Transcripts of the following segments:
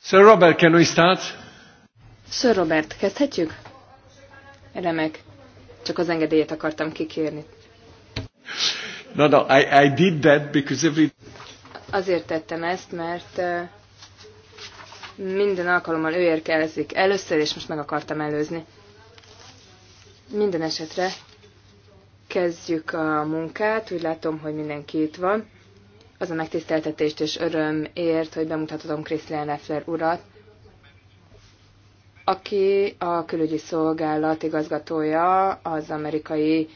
Sir Robert, can we start? Sir Robert, kezdhetjük? Remek. Csak az engedélyét akartam kikérni. No, no, I, I did that because every... Azért tettem ezt, mert minden alkalommal ő érkezik először, és most meg akartam előzni. Minden esetre kezdjük a munkát, úgy látom, hogy mindenki itt van. Az a megtiszteltetést és öröm ért, hogy bemutathatom Krisztián Leffler urat, aki a külügyi szolgálat igazgatója, az amerikai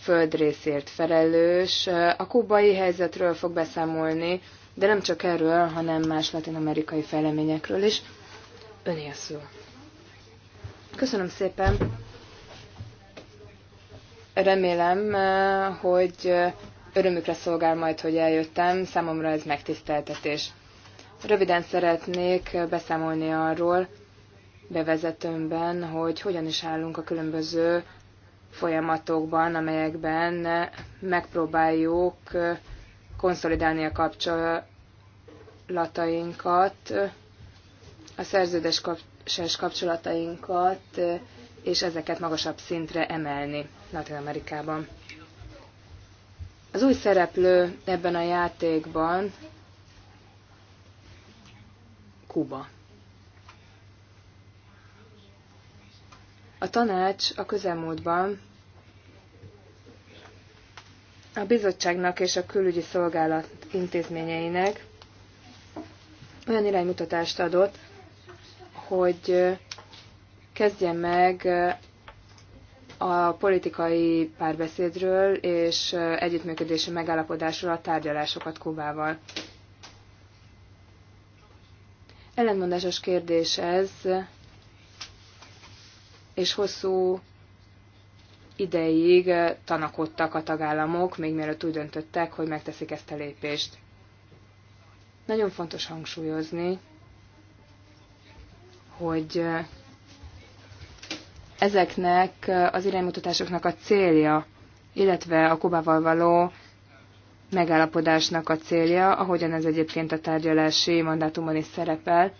földrészért felelős. A kubai helyzetről fog beszámolni, de nem csak erről, hanem más latin-amerikai fejleményekről is. Öné a szó. Köszönöm szépen. Remélem, hogy Örömükre szolgál majd, hogy eljöttem, számomra ez megtiszteltetés. Röviden szeretnék beszámolni arról bevezetőmben, hogy hogyan is állunk a különböző folyamatokban, amelyekben megpróbáljuk konszolidálni a kapcsolatainkat, a szerződéses kapcsolatainkat, és ezeket magasabb szintre emelni Latin Amerikában. Az új szereplő ebben a játékban Kuba. A tanács a közelmúltban a bizottságnak és a külügyi szolgálat intézményeinek olyan iránymutatást adott, hogy kezdje meg a politikai párbeszédről és együttműködési megállapodásról a tárgyalásokat Kubával. Ellenmondásos kérdés ez, és hosszú ideig tanakodtak a tagállamok, még mielőtt úgy döntöttek, hogy megteszik ezt a lépést. Nagyon fontos hangsúlyozni, hogy ezeknek az iránymutatásoknak a célja, illetve a Kubával való megállapodásnak a célja, ahogyan ez egyébként a tárgyalási mandátumon is szerepel,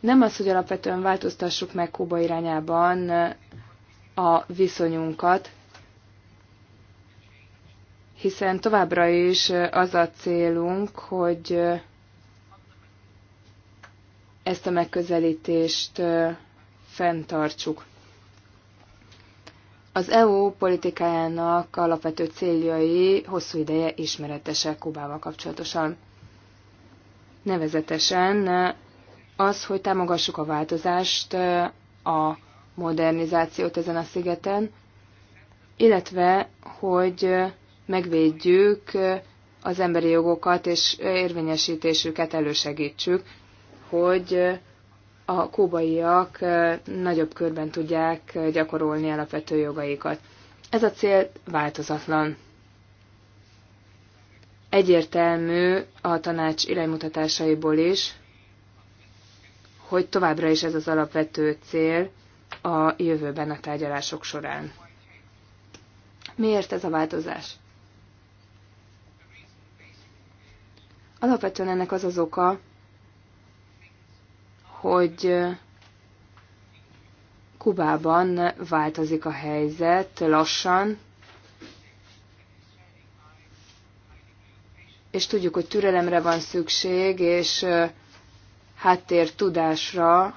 nem az, hogy alapvetően változtassuk meg Kuba irányában a viszonyunkat, hiszen továbbra is az a célunk, hogy ezt a megközelítést fenntartsuk. Az EU politikájának alapvető céljai hosszú ideje ismeretesek Kubával kapcsolatosan. Nevezetesen az, hogy támogassuk a változást, a modernizációt ezen a szigeten, illetve, hogy megvédjük az emberi jogokat és érvényesítésüket elősegítsük, hogy a kóbaiak nagyobb körben tudják gyakorolni alapvető jogaikat. Ez a cél változatlan. Egyértelmű a tanács iránymutatásaiból is, hogy továbbra is ez az alapvető cél a jövőben a tárgyalások során. Miért ez a változás? Alapvetően ennek az az oka, hogy Kubában változik a helyzet lassan, és tudjuk, hogy türelemre van szükség, és háttér tudásra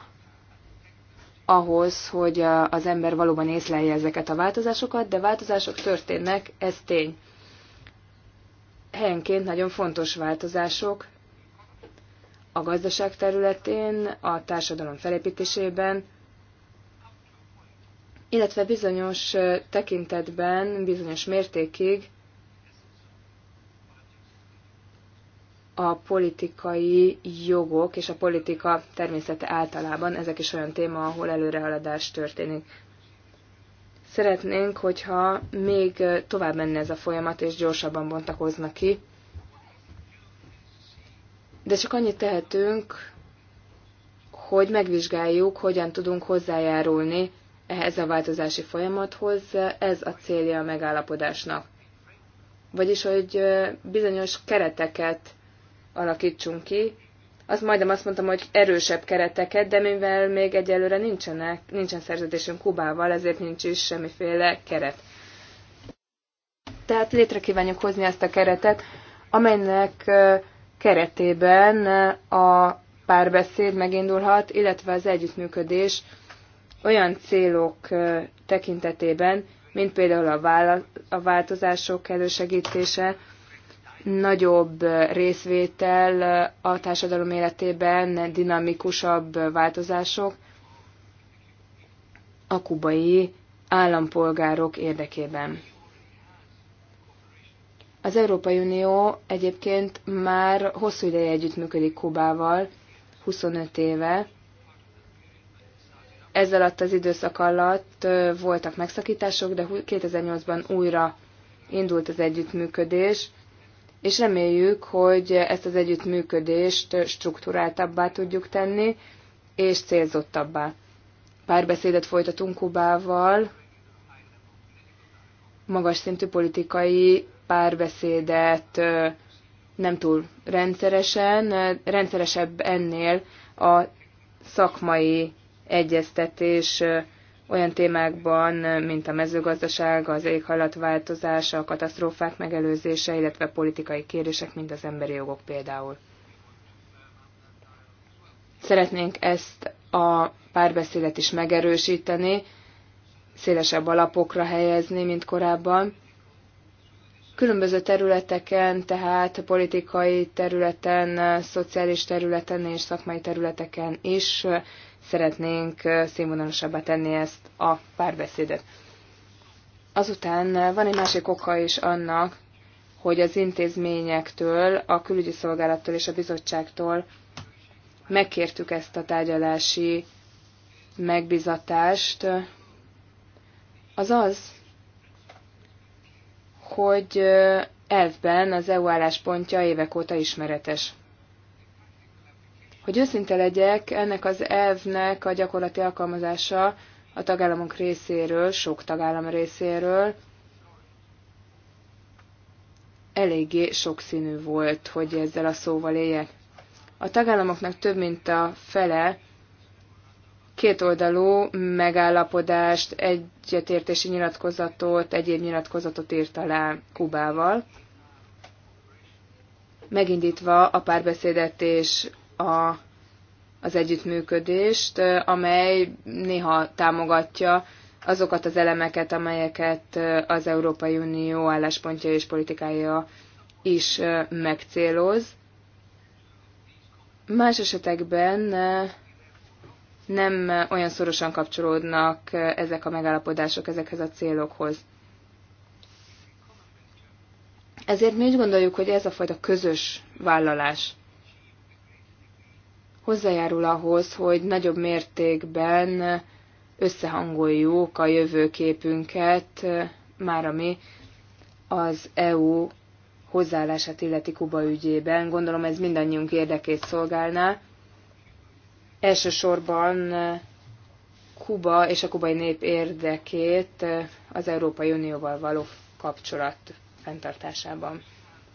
ahhoz, hogy az ember valóban észlelje ezeket a változásokat, de változások történnek, ez tény. Helyenként nagyon fontos változások, a gazdaság területén, a társadalom felépítésében, illetve bizonyos tekintetben, bizonyos mértékig a politikai jogok és a politika természete általában, ezek is olyan téma, ahol előrehaladás történik. Szeretnénk, hogyha még tovább menne ez a folyamat, és gyorsabban bontakozna ki, de csak annyit tehetünk, hogy megvizsgáljuk, hogyan tudunk hozzájárulni ehhez a változási folyamathoz, ez a célja a megállapodásnak. Vagyis, hogy bizonyos kereteket alakítsunk ki, azt majdnem azt mondtam, hogy erősebb kereteket, de mivel még egyelőre nincsenek, nincsen szerződésünk Kubával, ezért nincs is semmiféle keret. Tehát létre kívánjuk hozni ezt a keretet, amelynek keretében a párbeszéd megindulhat, illetve az együttműködés olyan célok tekintetében, mint például a, vála- a változások elősegítése, nagyobb részvétel a társadalom életében, dinamikusabb változások a kubai állampolgárok érdekében. Az Európai Unió egyébként már hosszú ideje együttműködik Kubával, 25 éve. Ez alatt az időszak alatt voltak megszakítások, de 2008-ban újra indult az együttműködés, és reméljük, hogy ezt az együttműködést struktúráltabbá tudjuk tenni, és célzottabbá. Párbeszédet folytatunk Kubával, magas szintű politikai párbeszédet nem túl rendszeresen, rendszeresebb ennél a szakmai egyeztetés olyan témákban, mint a mezőgazdaság, az éghajlatváltozás, a katasztrófák megelőzése, illetve politikai kérdések, mint az emberi jogok például. Szeretnénk ezt a párbeszédet is megerősíteni, szélesebb alapokra helyezni, mint korábban. Különböző területeken, tehát politikai területen, szociális területen és szakmai területeken is szeretnénk színvonalosabbá tenni ezt a párbeszédet. Azután van egy másik oka is annak, hogy az intézményektől, a külügyi szolgálattól és a bizottságtól megkértük ezt a tárgyalási megbizatást, az az, hogy elvben az EU álláspontja évek óta ismeretes. Hogy őszinte legyek, ennek az elvnek a gyakorlati alkalmazása a tagállamok részéről, sok tagállam részéről eléggé sokszínű volt, hogy ezzel a szóval éljek. A tagállamoknak több mint a fele kétoldalú megállapodást, egyetértési nyilatkozatot, egyéb nyilatkozatot írt alá Kubával, megindítva a párbeszédet és a, az együttműködést, amely néha támogatja azokat az elemeket, amelyeket az Európai Unió álláspontja és politikája is megcéloz. Más esetekben nem olyan szorosan kapcsolódnak ezek a megállapodások ezekhez a célokhoz. Ezért mi úgy gondoljuk, hogy ez a fajta közös vállalás hozzájárul ahhoz, hogy nagyobb mértékben összehangoljuk a jövőképünket, már ami az EU hozzáállását illeti Kuba ügyében. Gondolom ez mindannyiunk érdekét szolgálná elsősorban Kuba és a kubai nép érdekét az Európai Unióval való kapcsolat fenntartásában.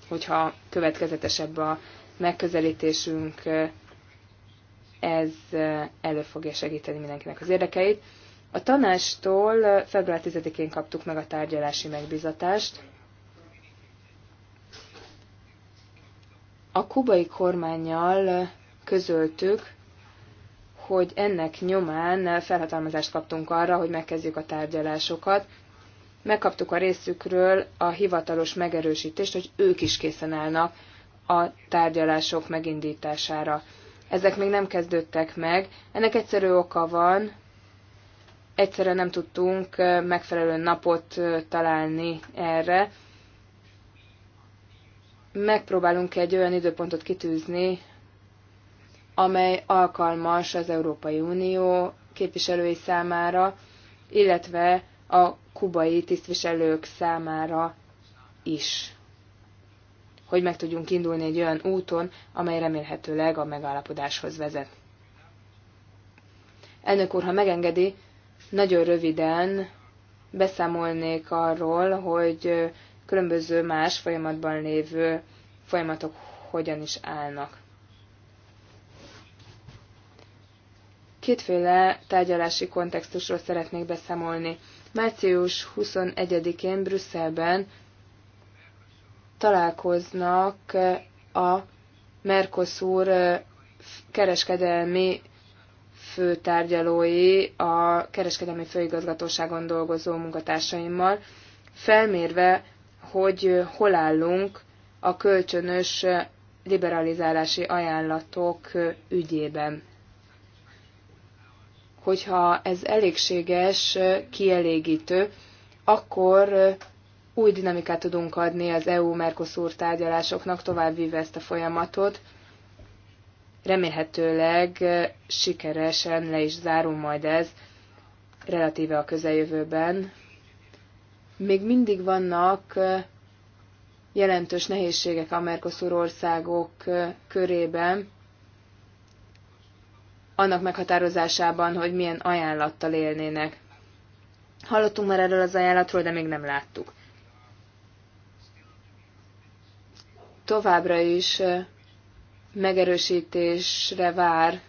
Hogyha következetesebb a megközelítésünk, ez elő fogja segíteni mindenkinek az érdekeit. A tanástól február 10-én kaptuk meg a tárgyalási megbizatást. A kubai kormányjal közöltük, hogy ennek nyomán felhatalmazást kaptunk arra, hogy megkezdjük a tárgyalásokat. Megkaptuk a részükről a hivatalos megerősítést, hogy ők is készen állnak a tárgyalások megindítására. Ezek még nem kezdődtek meg. Ennek egyszerű oka van, egyszerűen nem tudtunk megfelelő napot találni erre. Megpróbálunk egy olyan időpontot kitűzni, amely alkalmas az Európai Unió képviselői számára, illetve a kubai tisztviselők számára is. Hogy meg tudjunk indulni egy olyan úton, amely remélhetőleg a megállapodáshoz vezet. Elnök úr, ha megengedi, nagyon röviden beszámolnék arról, hogy különböző más folyamatban lévő folyamatok hogyan is állnak. kétféle tárgyalási kontextusról szeretnék beszámolni. Március 21-én Brüsszelben találkoznak a Mercosur kereskedelmi főtárgyalói a kereskedelmi főigazgatóságon dolgozó munkatársaimmal, felmérve, hogy hol állunk a kölcsönös liberalizálási ajánlatok ügyében hogyha ez elégséges, kielégítő, akkor új dinamikát tudunk adni az EU-Mercosur tárgyalásoknak, vívve ezt a folyamatot. Remélhetőleg sikeresen le is zárul majd ez, relatíve a közeljövőben. Még mindig vannak jelentős nehézségek a Mercosur országok körében, annak meghatározásában, hogy milyen ajánlattal élnének. Hallottunk már erről az ajánlatról, de még nem láttuk. Továbbra is megerősítésre vár,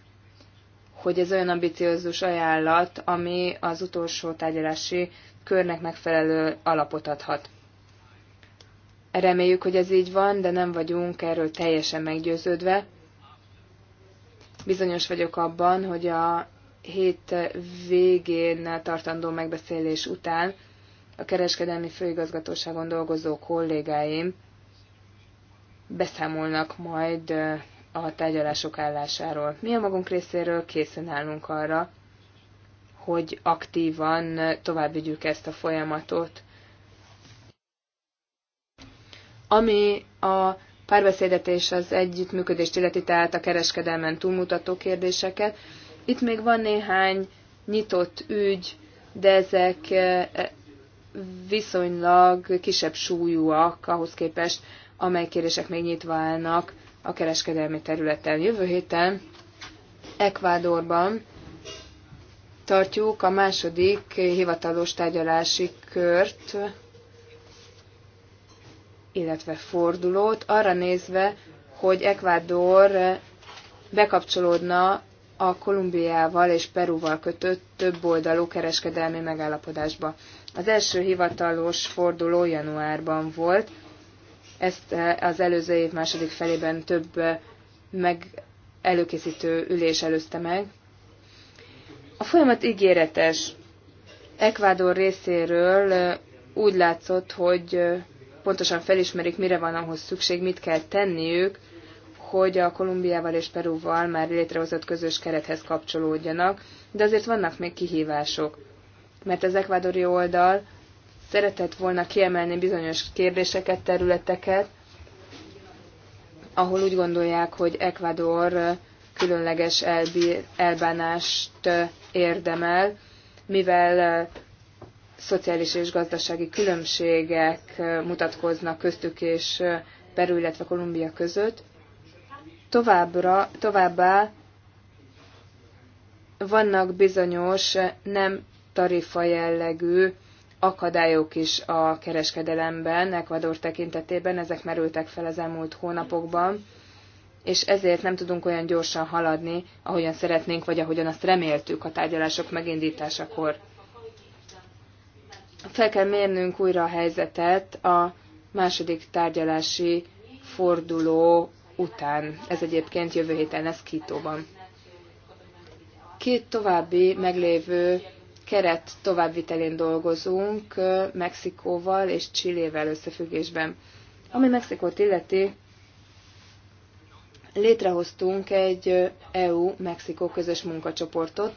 hogy ez olyan ambiciózus ajánlat, ami az utolsó tárgyalási körnek megfelelő alapot adhat. Reméljük, hogy ez így van, de nem vagyunk erről teljesen meggyőződve. Bizonyos vagyok abban, hogy a hét végén tartandó megbeszélés után a kereskedelmi főigazgatóságon dolgozó kollégáim beszámolnak majd a tárgyalások állásáról. Mi a magunk részéről készen állunk arra, hogy aktívan tovább vigyük ezt a folyamatot. Ami a párbeszédet és az együttműködést illeti, tehát a kereskedelmen túlmutató kérdéseket. Itt még van néhány nyitott ügy, de ezek e, e, viszonylag kisebb súlyúak ahhoz képest, amely kérések még nyitva állnak a kereskedelmi területen. Jövő héten Ekvádorban tartjuk a második hivatalos tárgyalási kört illetve fordulót, arra nézve, hogy Ekvádor bekapcsolódna a Kolumbiával és Perúval kötött több oldalú kereskedelmi megállapodásba. Az első hivatalos forduló januárban volt, ezt eh, az előző év második felében több eh, meg előkészítő ülés előzte meg. A folyamat ígéretes. Ekvádor részéről eh, úgy látszott, hogy pontosan felismerik, mire van ahhoz szükség, mit kell tenniük, hogy a Kolumbiával és Perúval már létrehozott közös kerethez kapcsolódjanak, de azért vannak még kihívások. Mert az ekvádori oldal szeretett volna kiemelni bizonyos kérdéseket, területeket, ahol úgy gondolják, hogy Ekvador különleges elbánást érdemel, mivel szociális és gazdasági különbségek mutatkoznak köztük és Peru, illetve Kolumbia között. Továbbra, továbbá vannak bizonyos nem tarifa jellegű akadályok is a kereskedelemben, Ecuador tekintetében, ezek merültek fel az elmúlt hónapokban, és ezért nem tudunk olyan gyorsan haladni, ahogyan szeretnénk, vagy ahogyan azt reméltük a tárgyalások megindításakor fel kell mérnünk újra a helyzetet a második tárgyalási forduló után. Ez egyébként jövő héten lesz Kítóban. Két további meglévő keret továbbvitelén dolgozunk Mexikóval és Csillével összefüggésben. Ami Mexikót illeti, létrehoztunk egy EU-Mexikó közös munkacsoportot,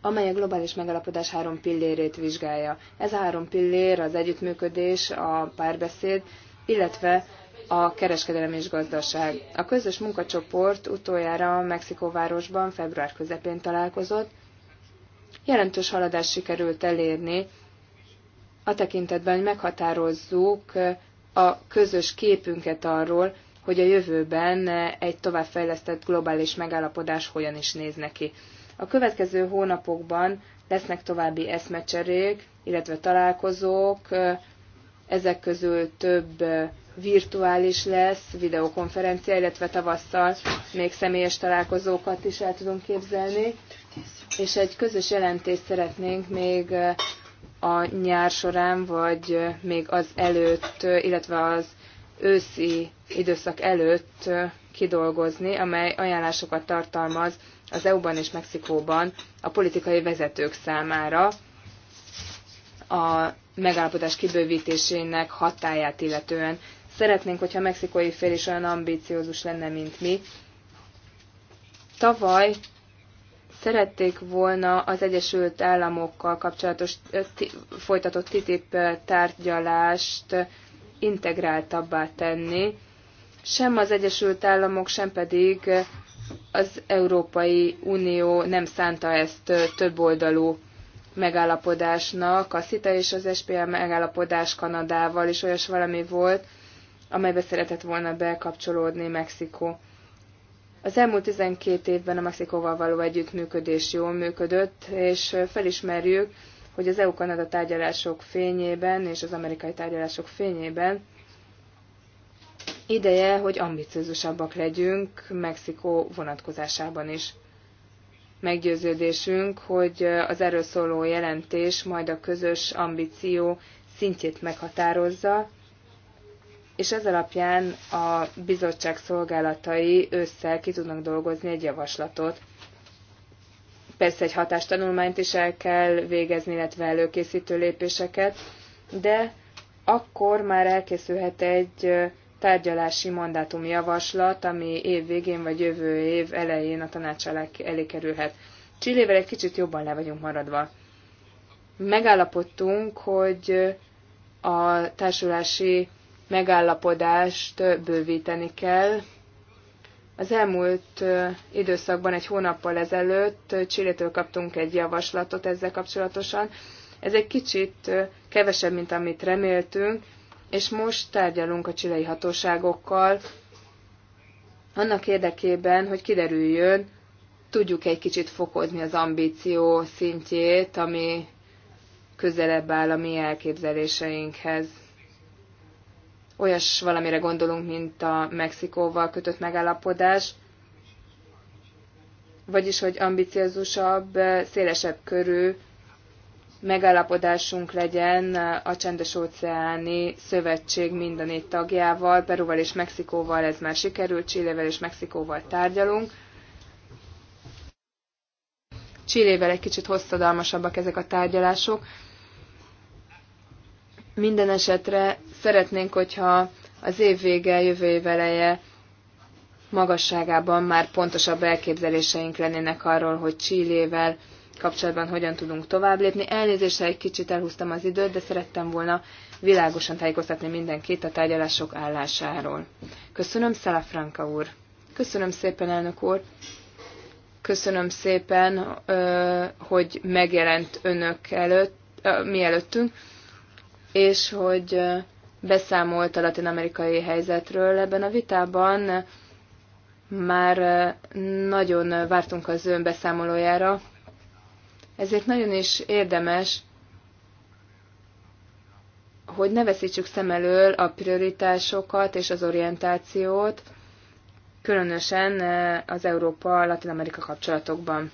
amely a globális megalapodás három pillérét vizsgálja. Ez a három pillér az együttműködés, a párbeszéd, illetve a kereskedelem és gazdaság. A közös munkacsoport utoljára Mexikóvárosban február közepén találkozott. Jelentős haladást sikerült elérni a tekintetben, hogy meghatározzuk a közös képünket arról, hogy a jövőben egy továbbfejlesztett globális megállapodás hogyan is néz neki. A következő hónapokban lesznek további eszmecserék, illetve találkozók, ezek közül több virtuális lesz, videokonferencia, illetve tavasszal még személyes találkozókat is el tudunk képzelni, és egy közös jelentést szeretnénk még a nyár során, vagy még az előtt, illetve az őszi időszak előtt kidolgozni, amely ajánlásokat tartalmaz az EU-ban és Mexikóban a politikai vezetők számára a megállapodás kibővítésének hatáját illetően. Szeretnénk, hogyha a mexikói fél is olyan ambíciózus lenne, mint mi. Tavaly szerették volna az Egyesült Államokkal kapcsolatos folytatott TTIP tárgyalást integráltabbá tenni, sem az Egyesült Államok, sem pedig az Európai Unió nem szánta ezt többoldalú megállapodásnak. A CITA és az SPA megállapodás Kanadával is olyas valami volt, amelybe szeretett volna bekapcsolódni Mexikó. Az elmúlt 12 évben a Mexikóval való együttműködés jól működött, és felismerjük, hogy az EU-Kanada tárgyalások fényében és az amerikai tárgyalások fényében Ideje, hogy ambiciózusabbak legyünk Mexikó vonatkozásában is. Meggyőződésünk, hogy az erről szóló jelentés majd a közös ambíció szintjét meghatározza, és ez alapján a bizottság szolgálatai ősszel ki tudnak dolgozni egy javaslatot. Persze egy hatástanulmányt is el kell végezni, illetve előkészítő lépéseket, de akkor már elkészülhet egy tárgyalási mandátumjavaslat, ami év végén vagy jövő év elején a tanács elé kerülhet. Csillével egy kicsit jobban le vagyunk maradva. Megállapodtunk, hogy a társulási megállapodást bővíteni kell. Az elmúlt időszakban, egy hónappal ezelőtt Csillétől kaptunk egy javaslatot ezzel kapcsolatosan. Ez egy kicsit kevesebb, mint amit reméltünk, és most tárgyalunk a csilei hatóságokkal, annak érdekében, hogy kiderüljön, tudjuk egy kicsit fokozni az ambíció szintjét, ami közelebb áll a mi elképzeléseinkhez. Olyas valamire gondolunk, mint a Mexikóval kötött megállapodás, vagyis hogy ambiciózusabb, szélesebb körű megállapodásunk legyen a Csendes-óceáni Szövetség mind a négy tagjával, Peruval és Mexikóval ez már sikerült, Csillével és Mexikóval tárgyalunk. Csillével egy kicsit hosszadalmasabbak ezek a tárgyalások. Minden esetre szeretnénk, hogyha az év vége, jövő év eleje magasságában már pontosabb elképzeléseink lennének arról, hogy Csillével, kapcsolatban hogyan tudunk tovább lépni. Elnézésre egy kicsit elhúztam az időt, de szerettem volna világosan tájékoztatni mindenkit a tárgyalások állásáról. Köszönöm, Franka úr. Köszönöm szépen, elnök úr. Köszönöm szépen, hogy megjelent önök előtt, mi előttünk, és hogy beszámolt a latin-amerikai helyzetről ebben a vitában. Már nagyon vártunk az ön beszámolójára, ezért nagyon is érdemes, hogy ne veszítsük szem elől a prioritásokat és az orientációt, különösen eh, az Európa-Latin-Amerika kapcsolatokban.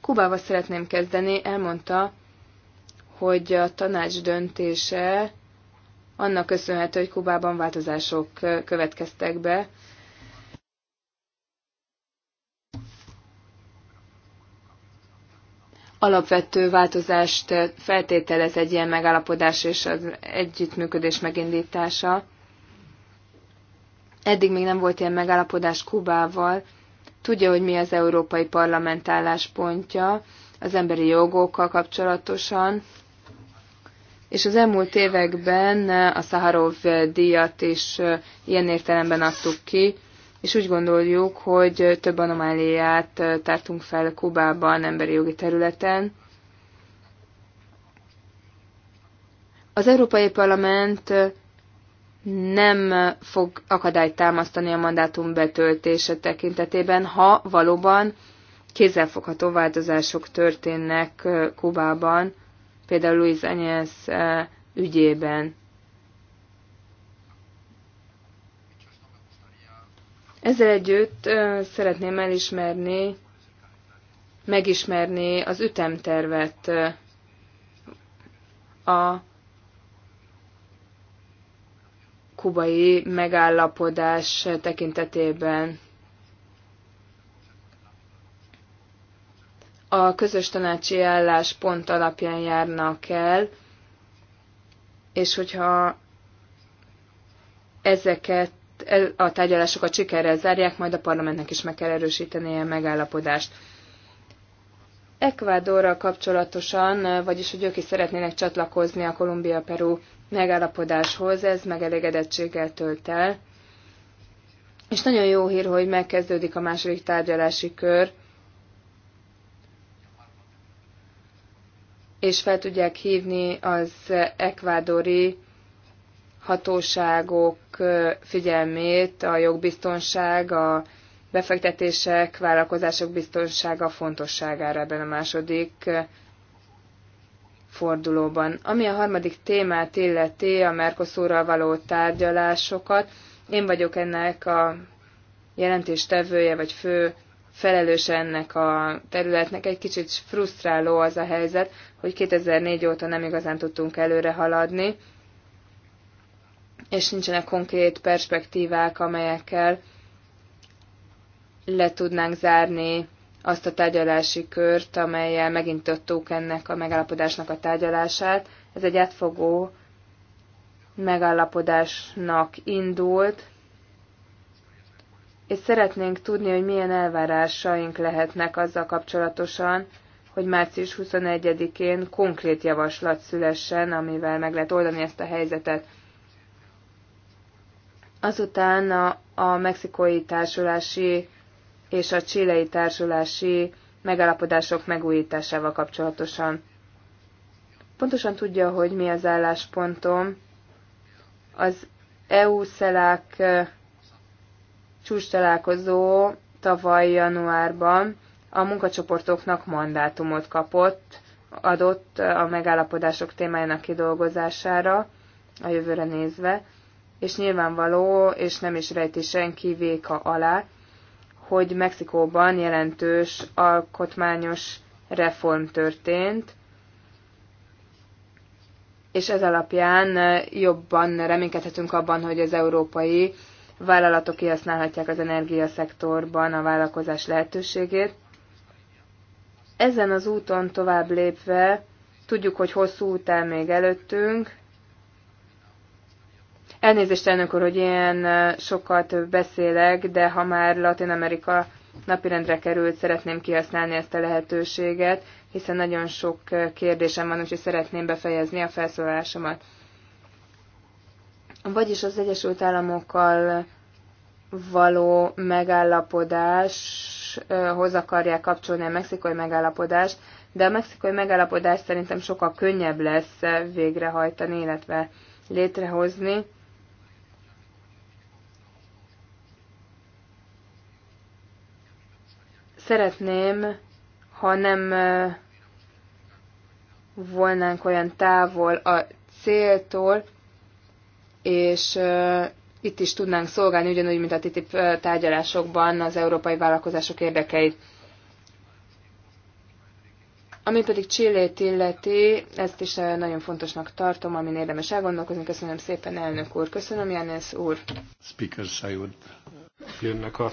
Kubával szeretném kezdeni, elmondta, hogy a tanács döntése annak köszönhető, hogy Kubában változások eh, következtek be, alapvető változást feltételez egy ilyen megállapodás és az együttműködés megindítása. Eddig még nem volt ilyen megállapodás Kubával. Tudja, hogy mi az Európai Parlament álláspontja az emberi jogokkal kapcsolatosan, és az elmúlt években a Szaharov díjat is ilyen értelemben adtuk ki, és úgy gondoljuk, hogy több anomáliát tártunk fel Kubában, emberi jogi területen. Az Európai Parlament nem fog akadályt támasztani a mandátum betöltése tekintetében, ha valóban kézzelfogható változások történnek Kubában, például Luis Anyes ügyében. Ezzel együtt szeretném elismerni, megismerni az ütemtervet a kubai megállapodás tekintetében. A közös tanácsi álláspont alapján járnak el, és hogyha ezeket a tárgyalásokat sikerrel zárják, majd a parlamentnek is meg kell erősítenie a megállapodást. Ekvádorral kapcsolatosan, vagyis hogy ők is szeretnének csatlakozni a Kolumbia-Peru megállapodáshoz, ez megelégedettséggel tölt el. És nagyon jó hír, hogy megkezdődik a második tárgyalási kör, és fel tudják hívni az ekvádori hatóságok figyelmét a jogbiztonság, a befektetések, vállalkozások biztonsága fontosságára ebben a második fordulóban. Ami a harmadik témát illeti, a Mercosurral való tárgyalásokat, én vagyok ennek a jelentéstevője, vagy fő felelőse ennek a területnek. Egy kicsit frusztráló az a helyzet, hogy 2004 óta nem igazán tudtunk előre haladni, és nincsenek konkrét perspektívák, amelyekkel le tudnánk zárni azt a tárgyalási kört, amelyel megintottuk ennek a megállapodásnak a tárgyalását. Ez egy átfogó megállapodásnak indult, és szeretnénk tudni, hogy milyen elvárásaink lehetnek azzal kapcsolatosan, hogy március 21-én konkrét javaslat szülessen, amivel meg lehet oldani ezt a helyzetet. Azután a, a mexikói társulási és a csilei társulási megállapodások megújításával kapcsolatosan. Pontosan tudja, hogy mi az álláspontom. Az EU-szelák csúcs találkozó tavaly januárban a munkacsoportoknak mandátumot kapott, adott a megállapodások témájának kidolgozására a jövőre nézve és nyilvánvaló, és nem is rejti senki véka alá, hogy Mexikóban jelentős alkotmányos reform történt, és ez alapján jobban reménykedhetünk abban, hogy az európai vállalatok kihasználhatják az energiaszektorban a vállalkozás lehetőségét. Ezen az úton tovább lépve tudjuk, hogy hosszú út el még előttünk, Elnézést, elnök úr, hogy ilyen sokat beszélek, de ha már Latin Amerika napirendre került, szeretném kihasználni ezt a lehetőséget, hiszen nagyon sok kérdésem van, úgyhogy szeretném befejezni a felszólásomat. Vagyis az Egyesült Államokkal való megállapodáshoz akarják kapcsolni a mexikai megállapodást, de a mexikai megállapodás szerintem sokkal könnyebb lesz végrehajtani, illetve létrehozni. Szeretném, ha nem volnánk olyan távol a céltól, és itt is tudnánk szolgálni, ugyanúgy, mint a TTIP tárgyalásokban az európai vállalkozások érdekeit. Ami pedig Csillét illeti, ezt is nagyon fontosnak tartom, amin érdemes elgondolkozni. Köszönöm szépen, elnök úr. Köszönöm, Jánész úr. Speaker Sayud. Jönnek a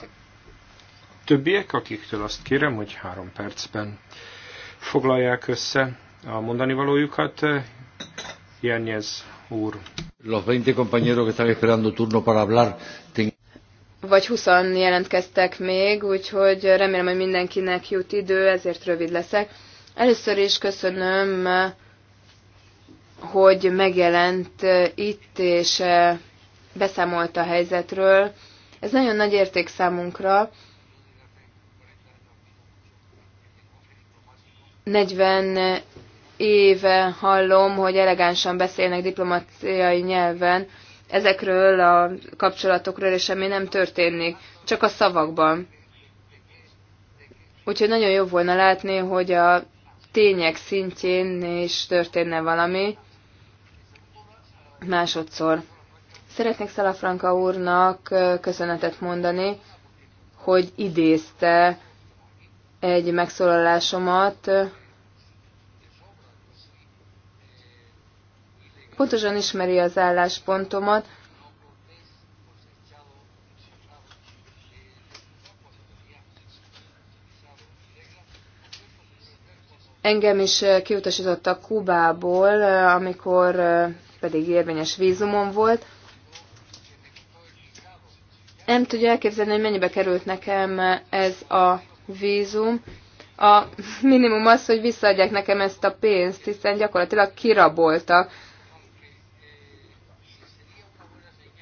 többiek, akiktől azt kérem, hogy három percben foglalják össze a mondani valójukat. Jánnyez úr. Los 20 compañeros que están esperando turno para hablar. Vagy 20 jelentkeztek még, úgyhogy remélem, hogy mindenkinek jut idő, ezért rövid leszek. Először is köszönöm, hogy megjelent itt, és beszámolt a helyzetről. Ez nagyon nagy érték számunkra, 40 éve hallom, hogy elegánsan beszélnek diplomáciai nyelven ezekről a kapcsolatokról, és semmi nem történik, csak a szavakban. Úgyhogy nagyon jó volna látni, hogy a tények szintjén is történne valami másodszor. Szeretnék Szalafranka úrnak köszönetet mondani, hogy idézte egy megszólalásomat. Pontosan ismeri az álláspontomat. Engem is kiutasítottak Kubából, amikor pedig érvényes vízumom volt. Nem tudja elképzelni, hogy mennyibe került nekem ez a vízum. A minimum az, hogy visszaadják nekem ezt a pénzt, hiszen gyakorlatilag kirabolta.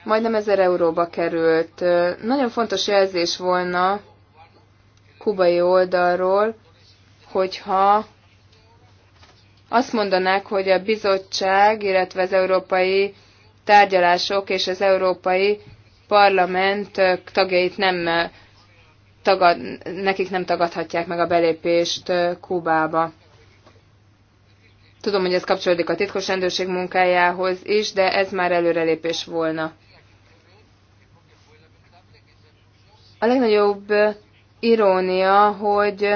Majdnem ezer euróba került. Nagyon fontos jelzés volna kubai oldalról, hogyha azt mondanák, hogy a bizottság, illetve az európai tárgyalások és az európai parlament tagjait nem tagad, nekik nem tagadhatják meg a belépést Kubába. Tudom, hogy ez kapcsolódik a titkos rendőrség munkájához is, de ez már előrelépés volna. A legnagyobb irónia, hogy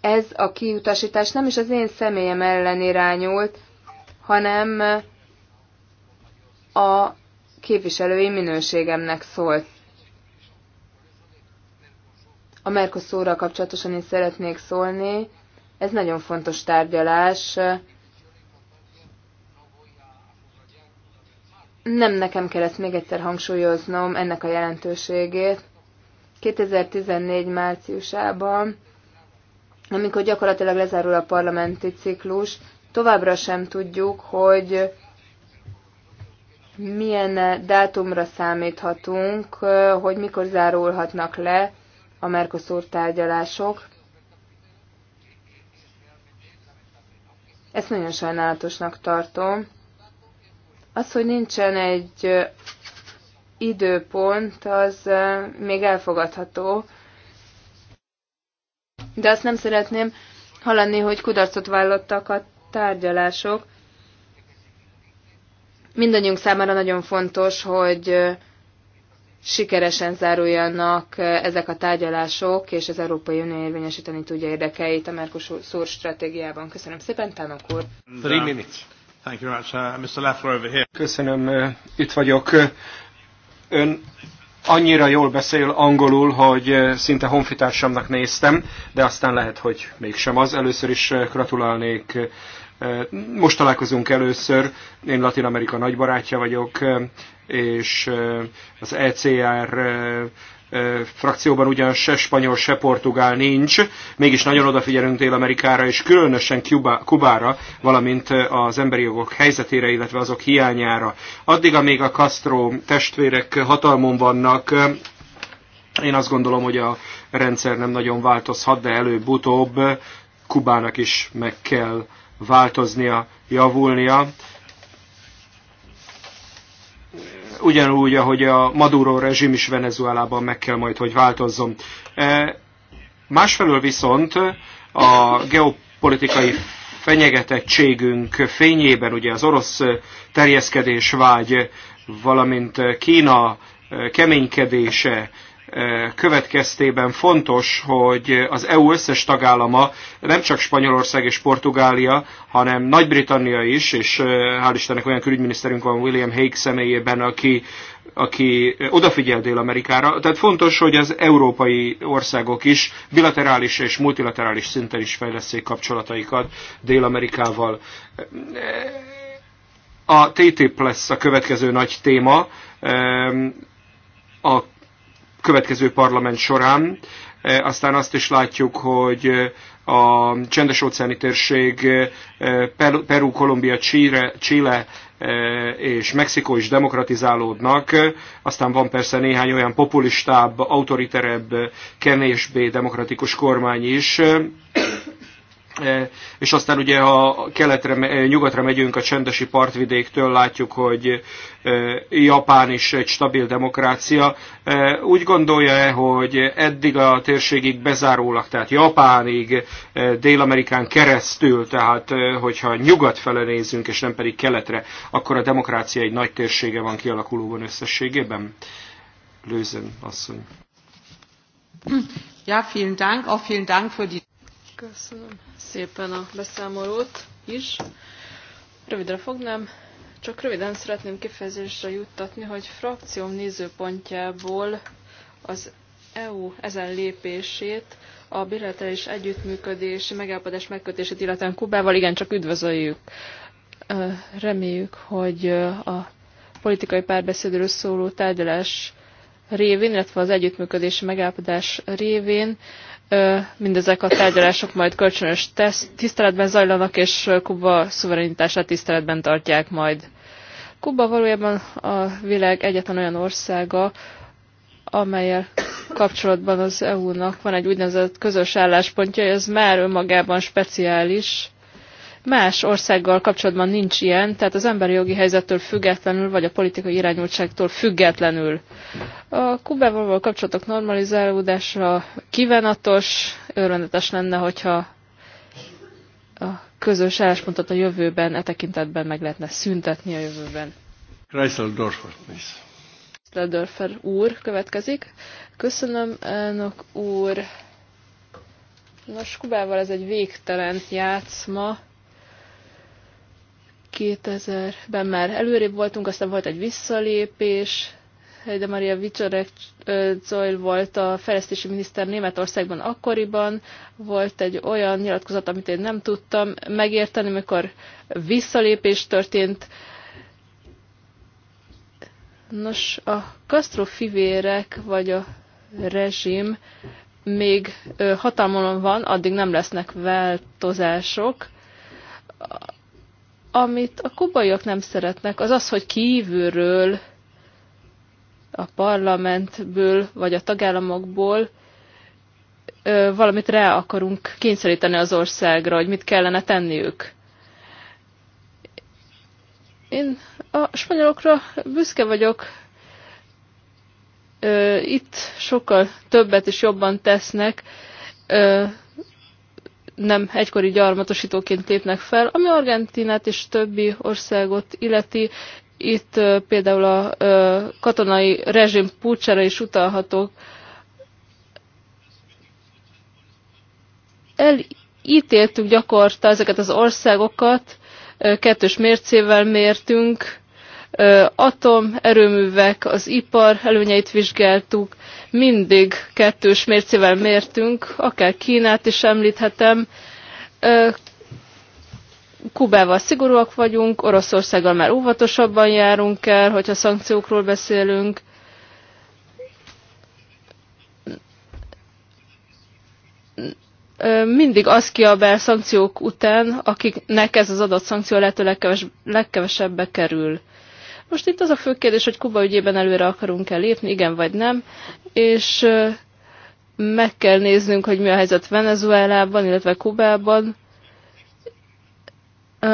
ez a kiutasítás nem is az én személyem ellen irányult, hanem a képviselői minőségemnek szólt. A Mercosurral kapcsolatosan is szeretnék szólni. Ez nagyon fontos tárgyalás. Nem nekem kell ezt még egyszer hangsúlyoznom, ennek a jelentőségét. 2014 márciusában, amikor gyakorlatilag lezárul a parlamenti ciklus, továbbra sem tudjuk, hogy milyen dátumra számíthatunk, hogy mikor zárulhatnak le a Mercosur tárgyalások. Ezt nagyon sajnálatosnak tartom. Az, hogy nincsen egy időpont, az még elfogadható. De azt nem szeretném hallani, hogy kudarcot vállottak a tárgyalások. Mindannyiunk számára nagyon fontos, hogy sikeresen záruljanak eh, ezek a tárgyalások, és az Európai Unió érvényesíteni tudja érdekeit a Mercosur stratégiában. Köszönöm szépen, Tánok úr! Three um, minutes. Thank you much. Uh, Mr. Leffler over here. Köszönöm, eh, itt vagyok. Ön annyira jól beszél angolul, hogy eh, szinte honfitársamnak néztem, de aztán lehet, hogy mégsem az. Először is gratulálnék most találkozunk először, én Latin Amerika nagybarátja vagyok, és az ECR frakcióban ugyan se spanyol, se portugál nincs, mégis nagyon odafigyelünk Dél-Amerikára, és különösen Kuba, Kubára, valamint az emberi jogok helyzetére, illetve azok hiányára. Addig, amíg a Castro testvérek hatalmon vannak, én azt gondolom, hogy a rendszer nem nagyon változhat, de előbb-utóbb Kubának is meg kell változnia, javulnia. Ugyanúgy, ahogy a Maduro rezsim is Venezuelában meg kell majd, hogy változzon. E, másfelől viszont a geopolitikai fenyegetettségünk fényében, ugye az orosz terjeszkedés vágy, valamint Kína keménykedése, következtében fontos, hogy az EU összes tagállama, nem csak Spanyolország és Portugália, hanem Nagy-Britannia is, és hál' Istennek olyan külügyminiszterünk van William Hague személyében, aki, aki odafigyel Dél-Amerikára. Tehát fontos, hogy az európai országok is bilaterális és multilaterális szinten is fejleszték kapcsolataikat Dél-Amerikával. A TTIP lesz a következő nagy téma a következő parlament során. E, aztán azt is látjuk, hogy a csendes óceáni térség, e, Peru, Kolumbia, Chile, Chile és Mexikó is demokratizálódnak. Aztán van persze néhány olyan populistább, autoriterebb, kevésbé demokratikus kormány is, Eh, és aztán ugye ha keletre, eh, nyugatra megyünk a csendesi partvidéktől, látjuk, hogy eh, Japán is egy stabil demokrácia. Úgy gondolja-e, hogy eddig a térségig bezárólag, tehát Japánig, Dél-Amerikán keresztül, tehát hogyha nyugat fele nézünk, és nem pedig keletre, akkor a demokrácia egy nagy térsége van kialakulóban összességében? Lőzen asszony. Ja, vielen Dank, auch vielen Dank für die Köszönöm szépen a beszámolót is. Rövidre fognám. Csak röviden szeretném kifejezésre juttatni, hogy frakcióm nézőpontjából az EU ezen lépését a bilaterális együttműködési megállapodás megkötését, illetően Kubával igencsak üdvözöljük. Reméljük, hogy a politikai párbeszédről szóló tárgyalás révén, illetve az együttműködési megállapodás révén Mindezek a tárgyalások majd kölcsönös tiszteletben zajlanak, és Kuba szuverenitását tiszteletben tartják majd. Kuba valójában a világ egyetlen olyan országa, amelyel kapcsolatban az EU-nak van egy úgynevezett közös álláspontja, ez már önmagában speciális, Más országgal kapcsolatban nincs ilyen, tehát az emberi jogi helyzettől függetlenül, vagy a politikai irányultságtól függetlenül. A Kubával való kapcsolatok normalizálódása kívánatos, örvendetes lenne, hogyha a közös álláspontot a jövőben, e tekintetben meg lehetne szüntetni a jövőben. Kreisler Dorfer, úr következik. Köszönöm, elnök úr. Nos, Kubával ez egy végtelen játszma. 2000-ben már előrébb voltunk, aztán volt egy visszalépés, de Maria Vicsorek Zoll volt a fejlesztési miniszter Németországban akkoriban, volt egy olyan nyilatkozat, amit én nem tudtam megérteni, mikor visszalépés történt. Nos, a Castro fivérek vagy a rezsim még hatalmon van, addig nem lesznek változások amit a kubaiak nem szeretnek, az az, hogy kívülről, a parlamentből vagy a tagállamokból valamit rá akarunk kényszeríteni az országra, hogy mit kellene tenniük. Én a spanyolokra büszke vagyok. Itt sokkal többet és jobban tesznek, nem egykori gyarmatosítóként lépnek fel, ami Argentinát és többi országot illeti. Itt például a katonai rezsim púcsára is utalhatók. Elítéltük gyakorta ezeket az országokat, kettős mércével mértünk, atomerőművek, az ipar előnyeit vizsgáltuk, mindig kettős mércével mértünk, akár Kínát is említhetem, Kubával szigorúak vagyunk, Oroszországgal már óvatosabban járunk el, hogyha szankciókról beszélünk. Mindig az kiabál szankciók után, akiknek ez az adott szankció lehető legkevesebbe kerül. Most itt az a fő kérdés, hogy Kuba ügyében előre akarunk-e lépni, igen vagy nem, és meg kell néznünk, hogy mi a helyzet Venezuelában, illetve Kubában.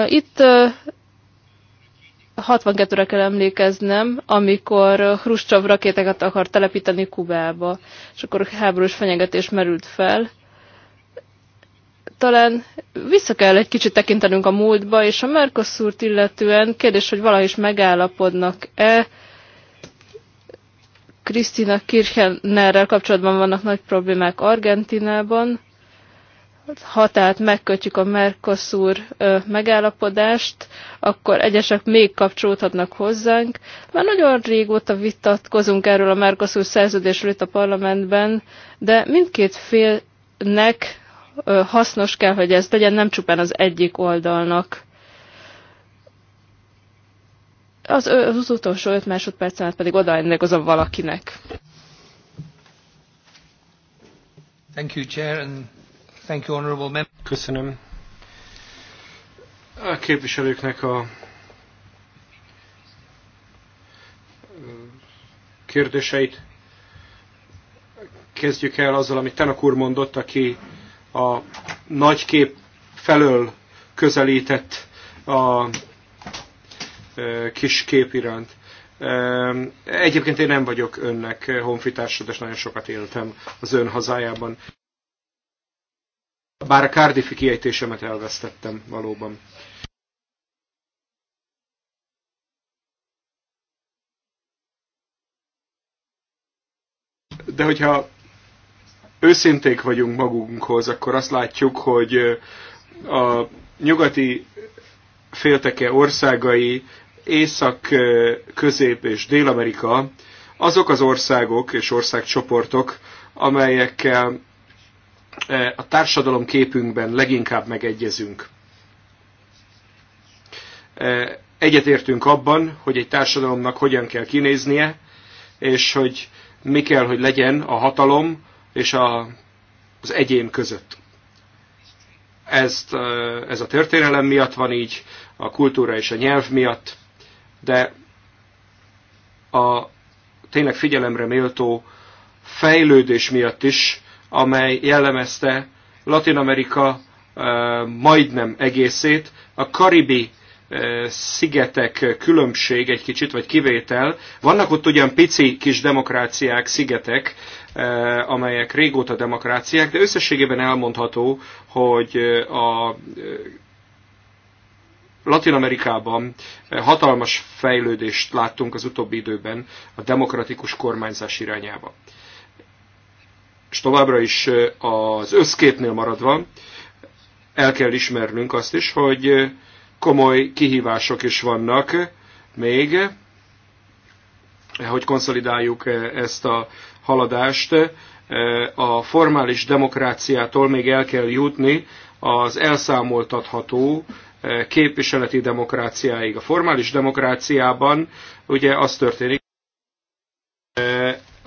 Itt 62-re kell emlékeznem, amikor Hruscsov rakétákat akar telepíteni Kubába, és akkor háborús fenyegetés merült fel talán vissza kell egy kicsit tekintenünk a múltba, és a Mercosurt illetően kérdés, hogy valahogy is megállapodnak-e. Krisztina Kirchnerrel kapcsolatban vannak nagy problémák Argentinában. Ha tehát megkötjük a Mercosur megállapodást, akkor egyesek még kapcsolódhatnak hozzánk. Már nagyon régóta vitatkozunk erről a Mercosur szerződésről itt a parlamentben, de mindkét félnek hasznos kell, hogy ez legyen nem csupán az egyik oldalnak. Az, az utolsó öt másodpercemet pedig odaendegozom valakinek. Thank you, Chair, and thank you, honorable member. Köszönöm a képviselőknek a kérdéseit. Kezdjük el azzal, amit Tanak úr mondott, aki a nagy kép felől közelített a kis kép iránt. Egyébként én nem vagyok önnek honfitársad, és nagyon sokat éltem az ön hazájában. Bár a Cardiffi kiejtésemet elvesztettem valóban. De hogyha őszinték vagyunk magunkhoz, akkor azt látjuk, hogy a nyugati félteke országai, Észak, Közép és Dél-Amerika, azok az országok és országcsoportok, amelyekkel a társadalom képünkben leginkább megegyezünk. Egyetértünk abban, hogy egy társadalomnak hogyan kell kinéznie, és hogy mi kell, hogy legyen a hatalom, és a, az egyén között. Ezt, ez a történelem miatt van így, a kultúra és a nyelv miatt, de a tényleg figyelemre méltó fejlődés miatt is, amely jellemezte Latin Amerika majdnem egészét, a karibi szigetek különbség egy kicsit, vagy kivétel. Vannak ott ugyan pici kis demokráciák, szigetek, amelyek régóta demokráciák, de összességében elmondható, hogy a Latin Amerikában hatalmas fejlődést láttunk az utóbbi időben a demokratikus kormányzás irányába. És továbbra is az összképnél maradva el kell ismernünk azt is, hogy komoly kihívások is vannak még, hogy konszolidáljuk eh, ezt a haladást. Eh, a formális demokráciától még el kell jutni az elszámoltatható eh, képviseleti demokráciáig. A formális demokráciában ugye az történik,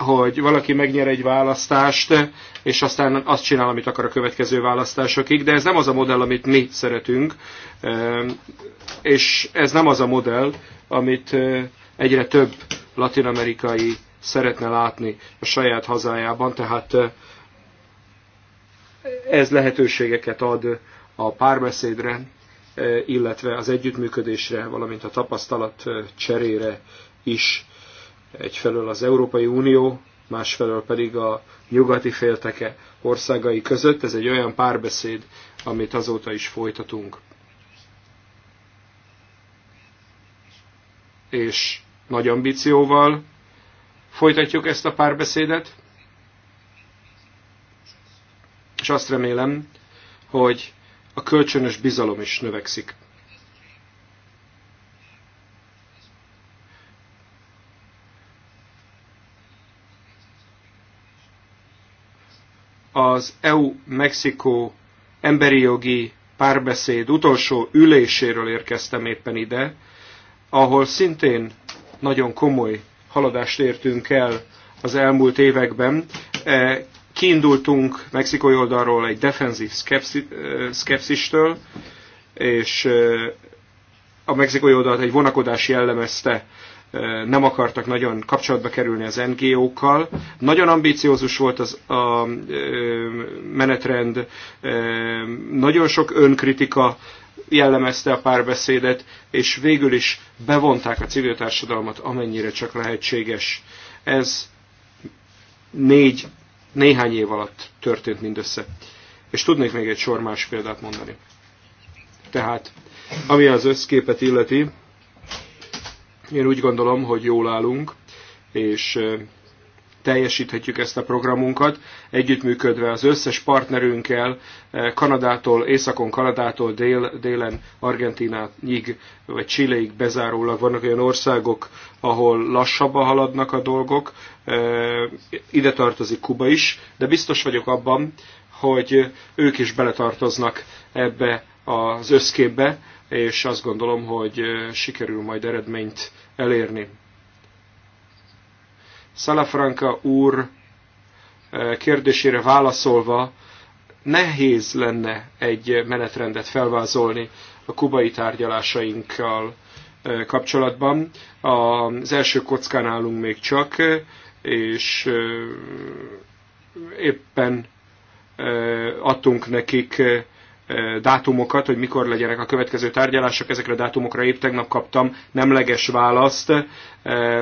hogy valaki megnyer egy választást, és aztán azt csinál, amit akar a következő választásokig, de ez nem az a modell, amit mi szeretünk, ehm, és ez nem az a modell, amit eh, egyre több latinamerikai szeretne látni a saját hazájában, tehát eh, ez lehetőségeket ad a párbeszédre, eh, illetve az együttműködésre, valamint a tapasztalat cserére is egyfelől az Európai Unió, másfelől pedig a nyugati félteke országai között. Ez egy olyan párbeszéd, amit azóta is folytatunk. És nagy ambícióval folytatjuk ezt a párbeszédet, és azt remélem, hogy a kölcsönös bizalom is növekszik. az EU-Mexikó emberi jogi párbeszéd utolsó üléséről érkeztem éppen ide, ahol szintén nagyon komoly haladást értünk el az elmúlt években. E, kiindultunk mexikói oldalról egy defenzív e, szkepszistől, és e, a mexikói oldalt egy vonakodás jellemezte nem akartak nagyon kapcsolatba kerülni az NGO-kkal. Nagyon ambíciózus volt az a menetrend, nagyon sok önkritika jellemezte a párbeszédet, és végül is bevonták a civil társadalmat, amennyire csak lehetséges. Ez négy, néhány év alatt történt mindössze. És tudnék még egy sor más példát mondani. Tehát, ami az összképet illeti, én úgy gondolom, hogy jól állunk, és teljesíthetjük ezt a programunkat, együttműködve az összes partnerünkkel, Kanadától, Északon Kanadától, dél, délen Argentináig, vagy Chileig bezárólag vannak olyan országok, ahol lassabban haladnak a dolgok, ide tartozik Kuba is, de biztos vagyok abban, hogy ők is beletartoznak ebbe az összképbe, és azt gondolom, hogy sikerül majd eredményt elérni. Salafranca úr kérdésére válaszolva, nehéz lenne egy menetrendet felvázolni a kubai tárgyalásainkkal kapcsolatban. Az első kockán állunk még csak, és éppen adtunk nekik dátumokat, hogy mikor legyenek a következő tárgyalások. Ezekre a dátumokra épp tegnap kaptam nemleges választ.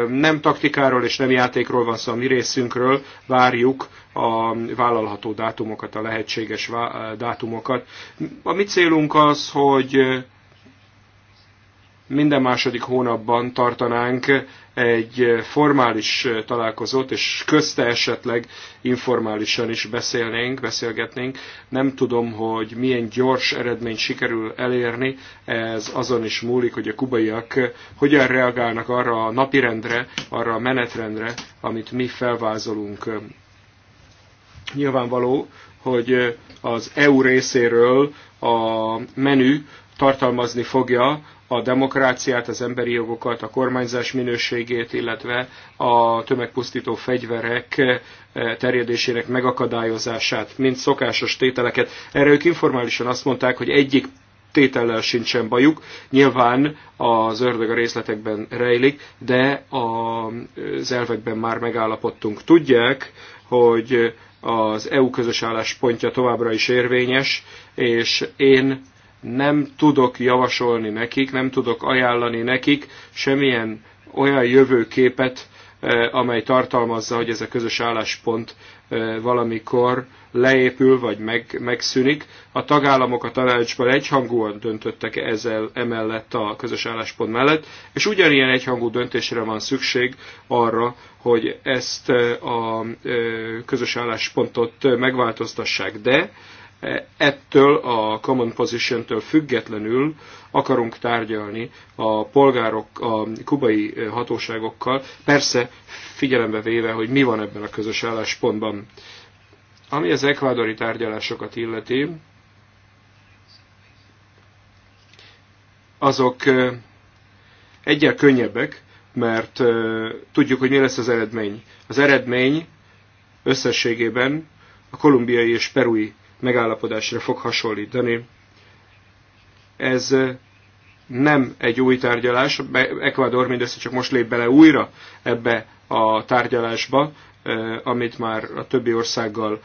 Nem taktikáról és nem játékról van szó a mi részünkről, várjuk a vállalható dátumokat, a lehetséges dátumokat. A mi célunk az, hogy minden második hónapban tartanánk egy formális találkozót, és közte esetleg informálisan is beszélnénk, beszélgetnénk. Nem tudom, hogy milyen gyors eredményt sikerül elérni, ez azon is múlik, hogy a kubaiak hogyan reagálnak arra a napirendre, arra a menetrendre, amit mi felvázolunk. Nyilvánvaló, hogy az EU részéről a menü tartalmazni fogja a demokráciát, az emberi jogokat, a kormányzás minőségét, illetve a tömegpusztító fegyverek eh, terjedésének megakadályozását, mint szokásos tételeket. Erre ők informálisan azt mondták, hogy egyik tétellel sincsen bajuk. Nyilván az ördög a részletekben rejlik, de az elvekben már megállapodtunk. Tudják, hogy az EU közös álláspontja továbbra is érvényes, és én nem tudok javasolni nekik, nem tudok ajánlani nekik semmilyen olyan jövőképet, eh, amely tartalmazza, hogy ez a közös álláspont eh, valamikor leépül vagy meg, megszűnik. A tagállamok a tanácsban egyhangúan döntöttek ezzel emellett a közös álláspont mellett, és ugyanilyen egyhangú döntésre van szükség arra, hogy ezt eh, a közös álláspontot megváltoztassák. De ettől a common position-től függetlenül akarunk tárgyalni a polgárok, a kubai hatóságokkal, persze figyelembe véve, hogy mi van ebben a közös álláspontban. Ami az ekvádori tárgyalásokat illeti, azok egyel könnyebbek, mert tudjuk, hogy mi lesz az eredmény. Az eredmény összességében a kolumbiai és perui megállapodásra fog hasonlítani. Ez nem egy új tárgyalás, Ecuador mindössze csak most lép bele újra ebbe a tárgyalásba, amit már a többi országgal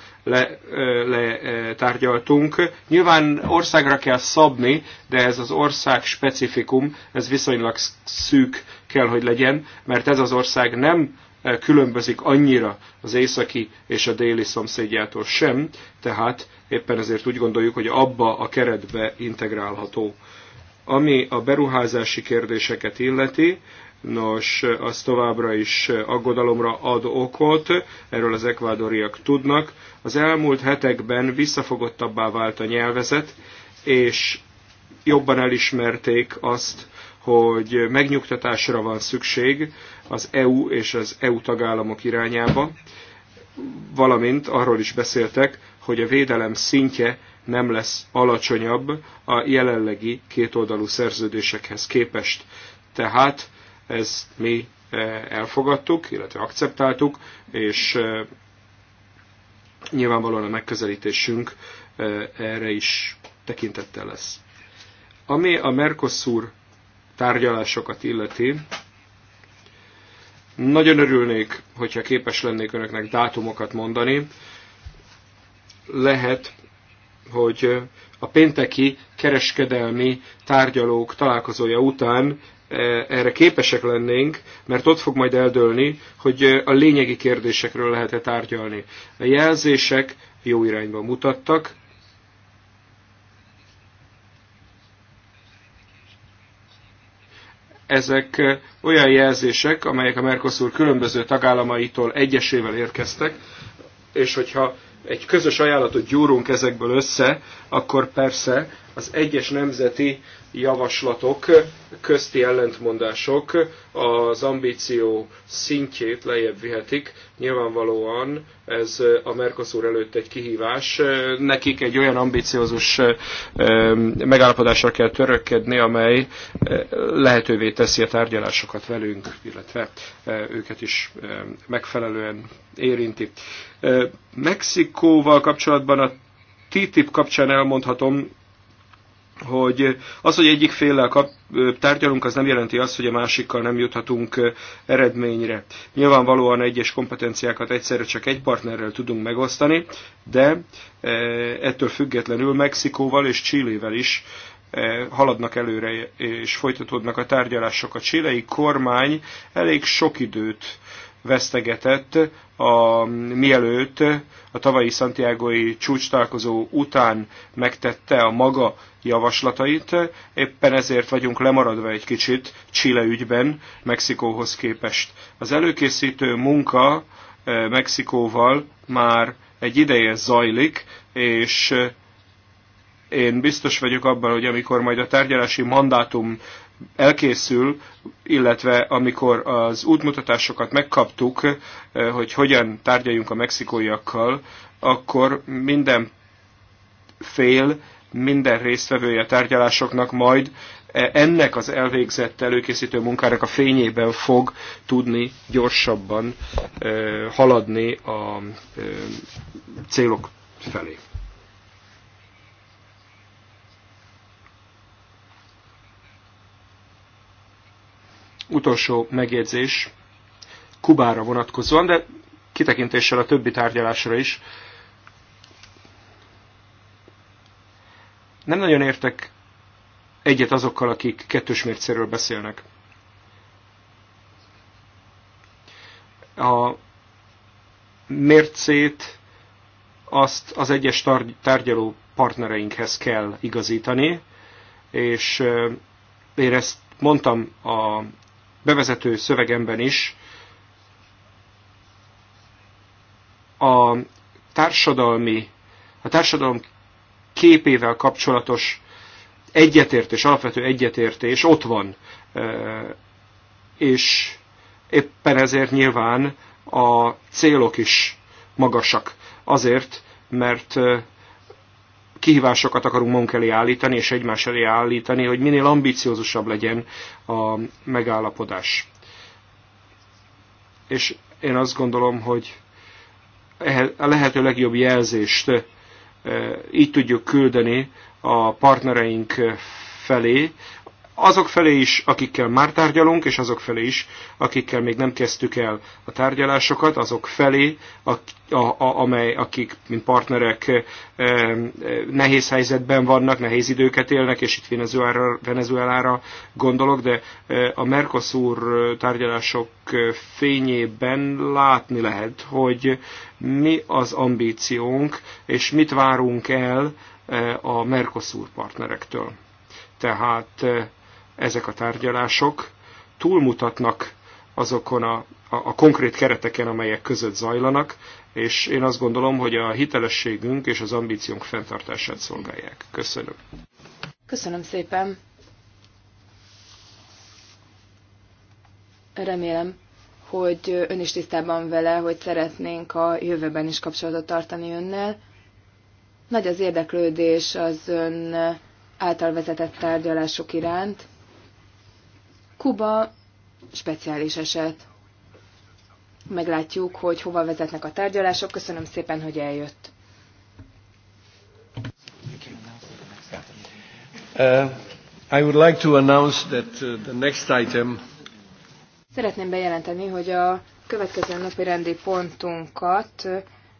letárgyaltunk. Le, Nyilván országra kell szabni, de ez az ország specifikum, ez viszonylag szűk kell, hogy legyen, mert ez az ország nem különbözik annyira az északi és a déli szomszédjától sem, tehát éppen ezért úgy gondoljuk, hogy abba a keretbe integrálható. Ami a beruházási kérdéseket illeti, nos, az továbbra is aggodalomra ad okot, erről az ekvádoriak tudnak. Az elmúlt hetekben visszafogottabbá vált a nyelvezet, és jobban elismerték azt, hogy megnyugtatásra van szükség az EU és az EU tagállamok irányába, valamint arról is beszéltek, hogy a védelem szintje nem lesz alacsonyabb a jelenlegi kétoldalú szerződésekhez képest. Tehát ezt mi eh, elfogadtuk, illetve akceptáltuk, és eh, nyilvánvalóan a megközelítésünk eh, erre is tekintettel lesz. Ami a Mercosur tárgyalásokat illeti, nagyon örülnék, hogyha képes lennék önöknek dátumokat mondani. Lehet, hogy a pénteki kereskedelmi tárgyalók találkozója után eh, erre képesek lennénk, mert ott fog majd eldőlni, hogy eh, a lényegi kérdésekről lehet-e tárgyalni. A jelzések jó irányba mutattak, ezek olyan jelzések, amelyek a Mercosur különböző tagállamaitól egyesével érkeztek, és hogyha egy közös ajánlatot gyúrunk ezekből össze, akkor persze az egyes nemzeti javaslatok közti ellentmondások az ambíció szintjét lejjebb vihetik. Nyilvánvalóan ez a Mercosur előtt egy kihívás. Nekik egy olyan ambíciózus megállapodásra kell törökedni, amely lehetővé teszi a tárgyalásokat velünk, illetve őket is megfelelően érinti. Mexikóval kapcsolatban a TTIP kapcsán elmondhatom, hogy az, hogy egyik féllel kap, tárgyalunk, az nem jelenti azt, hogy a másikkal nem juthatunk eredményre. Nyilvánvalóan egyes kompetenciákat egyszerre csak egy partnerrel tudunk megosztani, de ettől függetlenül Mexikóval és Csillével is haladnak előre és folytatódnak a tárgyalások. A csilei kormány elég sok időt vesztegetett a, mielőtt a tavalyi Santiagoi csúcs találkozó után megtette a maga javaslatait. Éppen ezért vagyunk lemaradva egy kicsit Chile ügyben Mexikóhoz képest. Az előkészítő munka eh, Mexikóval már egy ideje zajlik, és eh, én biztos vagyok abban, hogy amikor majd a tárgyalási mandátum elkészül, illetve amikor az útmutatásokat megkaptuk, eh, hogy hogyan tárgyaljunk a mexikóiakkal, akkor minden fél, minden résztvevője a tárgyalásoknak majd eh, ennek az elvégzett előkészítő munkának a fényében fog tudni gyorsabban eh, haladni a célok felé. utolsó megjegyzés Kubára vonatkozóan, de kitekintéssel a többi tárgyalásra is. Nem nagyon értek egyet azokkal, akik kettős mércéről beszélnek. A mércét azt az egyes tárgyaló partnereinkhez kell igazítani, és én ezt mondtam a bevezető szövegemben is a társadalmi, a társadalom képével kapcsolatos egyetértés, alapvető egyetértés ott van. És éppen ezért nyilván a célok is magasak. Azért, mert kihívásokat akarunk magunk elé állítani, és egymás elé állítani, hogy minél ambiciózusabb legyen a megállapodás. És én azt gondolom, hogy a lehető legjobb jelzést e, így tudjuk küldeni a partnereink felé, azok felé is, akikkel már tárgyalunk, és azok felé is, akikkel még nem kezdtük el a tárgyalásokat, azok felé, a, a, a, amely, akik, mint partnerek e, nehéz helyzetben vannak, nehéz időket élnek, és itt Venezuelára, Venezuelára gondolok, de e, a Mercosur tárgyalások fényében látni lehet, hogy mi az ambíciónk, és mit várunk el e, a Mercosur partnerektől. Tehát e, ezek a tárgyalások túlmutatnak azokon a, a, a konkrét kereteken, amelyek között zajlanak, és én azt gondolom, hogy a hitelességünk és az ambíciónk fenntartását szolgálják. Köszönöm. Köszönöm szépen. Remélem, hogy ön is tisztában vele, hogy szeretnénk a jövőben is kapcsolatot tartani önnel. Nagy az érdeklődés az ön által vezetett tárgyalások iránt Kuba speciális eset. Meglátjuk, hogy hova vezetnek a tárgyalások. Köszönöm szépen, hogy eljött. Uh, I would like to announce that uh, the next item Szeretném bejelenteni, hogy a következő napi rendi pontunkat,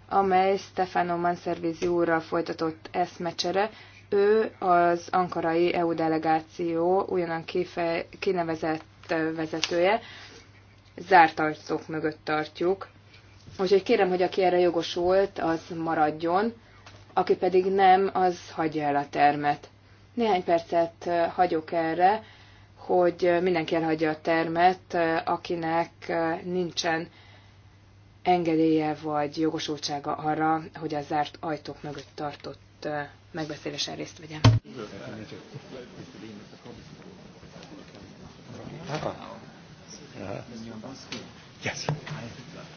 amely Stefano Manservizi úrral folytatott eszmecsere, ő az ankarai EU delegáció ugyanan kinevezett vezetője, zárt ajtók mögött tartjuk. Úgyhogy kérem, hogy aki erre jogosult, az maradjon, aki pedig nem, az hagyja el a termet. Néhány percet hagyok erre, hogy mindenki elhagyja a termet, akinek nincsen engedélye vagy jogosultsága arra, hogy a zárt ajtók mögött tartott megbeszélésen részt vegyen. Yes.